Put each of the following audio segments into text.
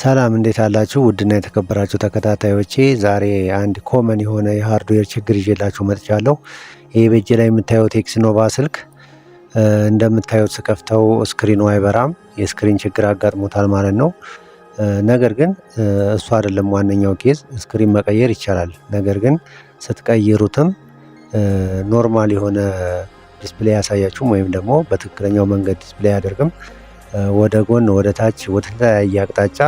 ሰላም እንዴት አላችሁ? ውድና የተከበራችሁ ተከታታዮቼ ዛሬ አንድ ኮመን የሆነ የሃርድዌር ችግር ይዤላችሁ መጥቻለሁ። ይህ በእጅ ላይ የምታዩት ኤክስኖቫ ስልክ እንደምታዩት ስከፍተው ስክሪኑ አይበራም። የስክሪን ችግር አጋጥሞታል ማለት ነው። ነገር ግን እሱ አይደለም ዋነኛው ኬዝ። ስክሪን መቀየር ይቻላል። ነገር ግን ስትቀይሩትም ኖርማል የሆነ ዲስፕሌይ አያሳያችሁም፣ ወይም ደግሞ በትክክለኛው መንገድ ዲስፕሌይ አያደርግም። ወደ ጎን ወደ ታች ወደ ተለያየ አቅጣጫ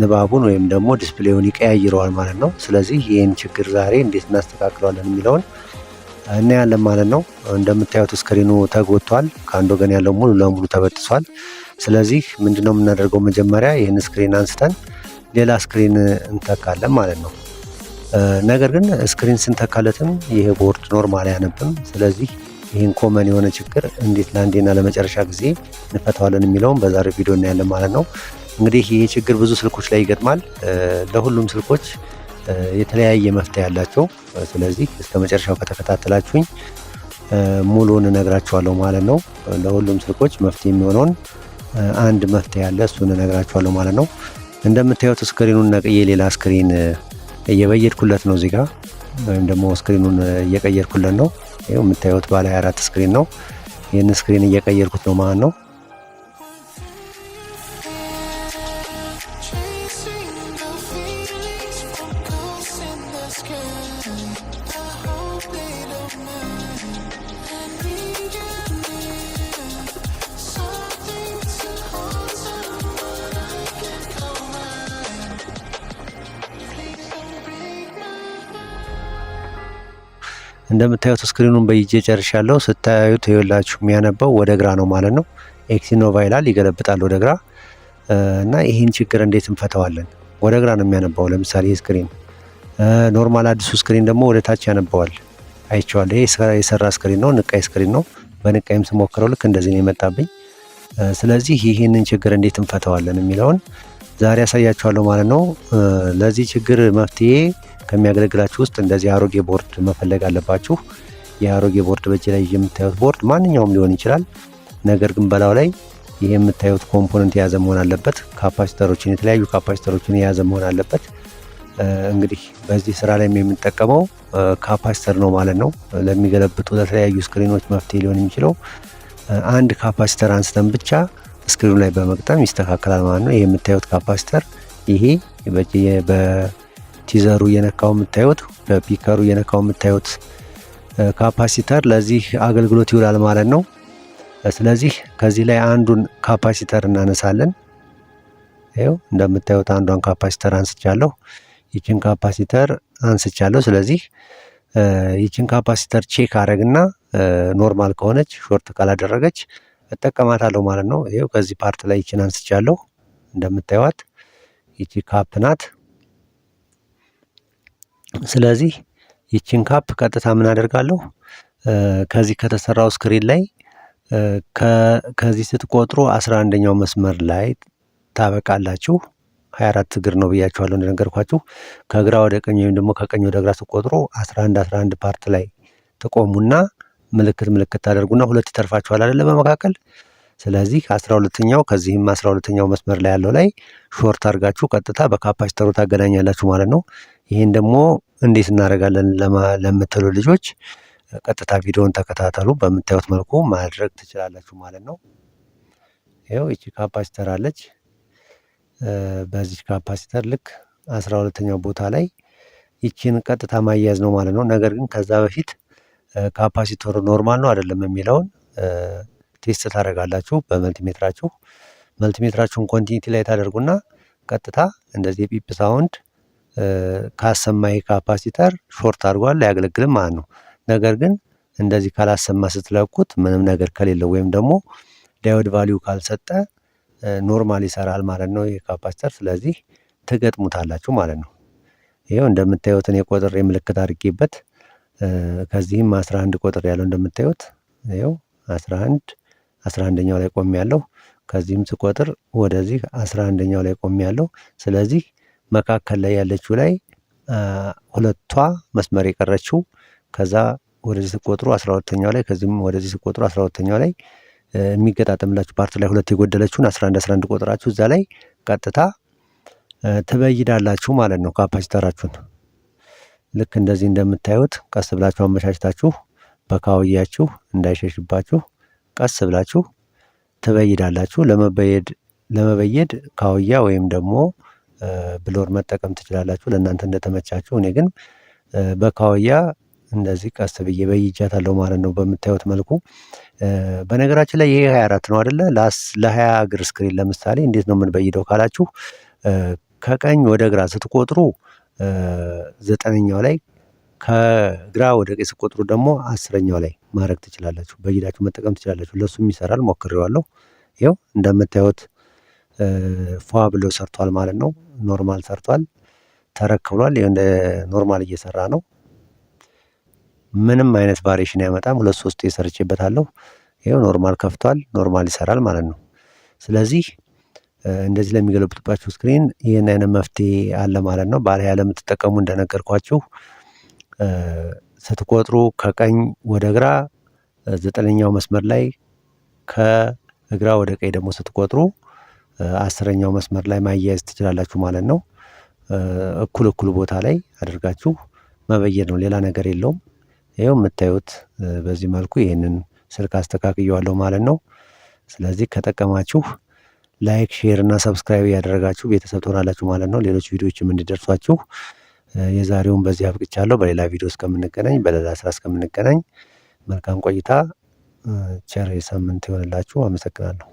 ንባቡን ወይም ደግሞ ዲስፕሌውን ይቀያይረዋል ማለት ነው። ስለዚህ ይህን ችግር ዛሬ እንዴት እናስተካክለዋለን የሚለውን እናያለን ማለት ነው። እንደምታዩት ስክሪኑ ተጎቷል ከአንድ ወገን ያለው ሙሉ ለሙሉ ተበጥሷል። ስለዚህ ምንድነው የምናደርገው? መጀመሪያ ይህን ስክሪን አንስተን ሌላ ስክሪን እንተካለን ማለት ነው። ነገር ግን ስክሪን ስንተካለትም ይሄ ቦርድ ኖርማል አያነብም። ስለዚህ ይህን ኮመን የሆነ ችግር እንዴት ለአንዴና ለመጨረሻ ጊዜ እንፈታዋለን የሚለውን በዛሬው ቪዲዮ እናያለን ማለት ነው። እንግዲህ ይህ ችግር ብዙ ስልኮች ላይ ይገጥማል። ለሁሉም ስልኮች የተለያየ መፍትሄ ያላቸው። ስለዚህ እስከ መጨረሻው ከተከታተላችሁኝ ሙሉውን እነግራችኋለሁ ማለት ነው። ለሁሉም ስልኮች መፍትሄ የሚሆነውን አንድ መፍትሄ ያለ እሱን እነግራችኋለሁ ማለት ነው። እንደምታዩት ስክሪኑን ነቅዬ ሌላ ስክሪን እየበየድኩለት ነው እዚጋ ወይም ደግሞ ስክሪኑን እየቀየርኩለት ነው። ይኸው የምታዩት ባለ 24 ስክሪን ነው። ይህን ስክሪን እየቀየርኩት ነው ማለት ነው። እንደምታዩት ስክሪኑን በይጄ ጨርሻለሁ። ስታዩት ይኸውላችሁ የሚያነባው ወደ ግራ ነው ማለት ነው። ኤክሲኖቫ ይላል ይገለብጣል ወደ ግራ እና ይህን ችግር እንዴት እንፈተዋለን? ወደ ግራ ነው የሚያነባው። ለምሳሌ ይህ ስክሪን ኖርማል፣ አዲሱ ስክሪን ደግሞ ወደ ታች ያነባዋል። አይቼዋለሁ። ይህ የሰራ ስክሪን ነው፣ ንቃይ ስክሪን ነው። በንቃይም ስሞክረው ልክ እንደዚህ ነው የመጣብኝ። ስለዚህ ይህንን ችግር እንዴት እንፈተዋለን የሚለውን ዛሬ ያሳያችኋለሁ ማለት ነው። ለዚህ ችግር መፍትሄ ከሚያገለግላችሁ ውስጥ እንደዚህ አሮጌ ቦርድ መፈለግ አለባችሁ። የአሮጌ ቦርድ በእጅ ላይ የምታዩት ቦርድ ማንኛውም ሊሆን ይችላል። ነገር ግን በላው ላይ ይህ የምታዩት ኮምፖነንት የያዘ መሆን አለበት። ካፓሲተሮችን፣ የተለያዩ ካፓሲተሮችን የያዘ መሆን አለበት። እንግዲህ በዚህ ስራ ላይ የምንጠቀመው ካፓሲተር ነው ማለት ነው። ለሚገለብጡ ለተለያዩ ስክሪኖች መፍትሄ ሊሆን የሚችለው አንድ ካፓሲተር አንስተን ብቻ ስክሪኑ ላይ በመቅጠም ይስተካከላል ማለት ነው። ይሄ የምታዩት ካፓስተር ይሄ በቲዘሩ እየነካው የምታዩት በፒከሩ እየነካው የምታዩት ካፓሲተር ለዚህ አገልግሎት ይውላል ማለት ነው። ስለዚህ ከዚህ ላይ አንዱን ካፓሲተር እናነሳለን። ይኸው እንደምታዩት አንዷን ካፓሲተር አንስቻለሁ። ይችን ካፓሲተር አንስቻለሁ። ስለዚህ ይችን ካፓሲተር ቼክ አረግና ኖርማል ከሆነች ሾርት ካላደረገች እጠቀማታለሁ ማለት ነው። ይኸው ከዚህ ፓርት ላይ ይችን አንስቻለሁ እንደምታዩት ይቺ ካፕ ናት። ስለዚህ ይቺን ካፕ ቀጥታ ምን አደርጋለሁ ከዚህ ከተሰራው ስክሪን ላይ ከዚህ ስትቆጥሩ አስራ አንደኛው መስመር ላይ ታበቃላችሁ። ሀያ አራት እግር ነው ብያችኋለሁ እንደነገርኳችሁ። ከግራ ወደ ቀኝ ወይም ደግሞ ከቀኝ ወደ ግራ ስትቆጥሩ አስራ አንድ አስራ አንድ ፓርት ላይ ትቆሙና ምልክት ምልክት ታደርጉና ሁለት ይተርፋችኋል አይደለ በመካከል ስለዚህ አስራ ሁለተኛው ከዚህም አስራ ሁለተኛው መስመር ላይ ያለው ላይ ሾርት አድርጋችሁ ቀጥታ በካፓሲተሩ ታገናኛላችሁ ማለት ነው። ይህን ደግሞ እንዴት እናደርጋለን ለምትሉ ልጆች ቀጥታ ቪዲዮን ተከታተሉ። በምታዩት መልኩ ማድረግ ትችላላችሁ ማለት ነው። ይኸው ይቺ ካፓሲተር አለች። በዚች ካፓሲተር ልክ አስራ ሁለተኛው ቦታ ላይ ይቺን ቀጥታ ማያዝ ነው ማለት ነው። ነገር ግን ከዛ በፊት ካፓሲተሩ ኖርማል ነው አይደለም የሚለውን ቴስት ታደርጋላችሁ በመልቲሜትራችሁ መልቲሜትራችሁን ኮንቲኒቲ ላይ ታደርጉና ቀጥታ እንደዚህ የፒፕ ሳውንድ ካሰማይ ካፓሲተር ሾርት አድርጓል አያገለግልም ማለት ነው። ነገር ግን እንደዚህ ካላሰማ ስትለቁት ምንም ነገር ከሌለው ወይም ደግሞ ዳዮድ ቫሊዩ ካልሰጠ ኖርማል ይሰራል ማለት ነው ይሄ ካፓሲተር። ስለዚህ ትገጥሙታላችሁ ማለት ነው። ይኸው እንደምታዩትን የቁጥር የምልክት አድርጌበት ከዚህም አስራ አንድ ቁጥር ያለው እንደምታዩት ይኸው አስራ አንድ አስራ አንደኛው ላይ ያለው ከዚህም ስቆጥር ወደዚህ አስራ አንደኛው ላይ ያለው ስለዚህ መካከል ላይ ያለችው ላይ ሁለቷ መስመር የቀረችው ከዛ ወደዚህ ስቆጥሩ አስራ ሁለተኛው ላይ ከዚህም ወደዚህ ስቆጥሩ አስራ ሁለተኛው ላይ የሚገጣጠምላችሁ ፓርት ላይ ሁለት የጎደለችውን አስራ አንድ አስራ አንድ እዛ ላይ ቀጥታ ትበይዳላችሁ ማለት ነው ካፓሲተራችሁን ልክ እንደዚህ እንደምታዩት ቀስ ብላችሁ አመቻችታችሁ በካውያችሁ እንዳይሸሽባችሁ ቀስ ብላችሁ ትበይዳላችሁ። ለመበየድ ለመበየድ ካውያ ወይም ደግሞ ብሎር መጠቀም ትችላላችሁ፣ ለእናንተ እንደተመቻችሁ። እኔ ግን በካውያ እንደዚህ ቀስ ብዬ በይጃታለሁ ማለት ነው፣ በምታዩት መልኩ። በነገራችን ላይ ይሄ 24 ነው አደለ? ለ20 እግር ስክሪን ለምሳሌ እንዴት ነው የምንበይደው ካላችሁ ከቀኝ ወደ ግራ ስትቆጥሩ ዘጠነኛው ላይ ከግራ ወደ ቀኝ ስቆጥሩ ደግሞ አስረኛው ላይ ማድረግ ትችላላችሁ በእጃችሁ መጠቀም ትችላላችሁ ለሱም ይሰራል ሞክሬዋለሁ። ይኸው እንደምታዩት ፏ ብሎ ሰርቷል ማለት ነው። ኖርማል ሰርቷል ተረክ ብሏል እንደ ኖርማል እየሰራ ነው። ምንም አይነት ቫሪዬሽን አይመጣም ሁለት ሶስቴ ሰርቼበታለሁ። ይኸው ኖርማል ከፍቷል ኖርማል ይሰራል ማለት ነው። ስለዚህ እንደዚህ ለሚገለብጡባችሁ ስክሪን ይህን አይነት መፍትሄ አለ ማለት ነው። ባለ ሃያ ለምትጠቀሙ እንደነገርኳችሁ ስትቆጥሩ ከቀኝ ወደ ግራ ዘጠነኛው መስመር ላይ ከግራ ወደ ቀኝ ደግሞ ስትቆጥሩ አስረኛው መስመር ላይ ማያያዝ ትችላላችሁ ማለት ነው። እኩል እኩል ቦታ ላይ አድርጋችሁ መበየድ ነው፣ ሌላ ነገር የለውም። ይኸው የምታዩት በዚህ መልኩ ይህንን ስልክ አስተካክየዋለሁ ማለት ነው። ስለዚህ ከጠቀማችሁ ላይክ ሼር እና ሰብስክራይብ ያደረጋችሁ ቤተሰብ ትሆናላችሁ ማለት ነው። ሌሎች ቪዲዮዎችም እንዲደርሷችሁ የዛሬውን በዚህ አብቅቻለሁ። በሌላ ቪዲዮ እስከምንገናኝ፣ በሌላ ስራ እስከምንገናኝ መልካም ቆይታ፣ ቸር ሳምንት ይሆንላችሁ። አመሰግናለሁ።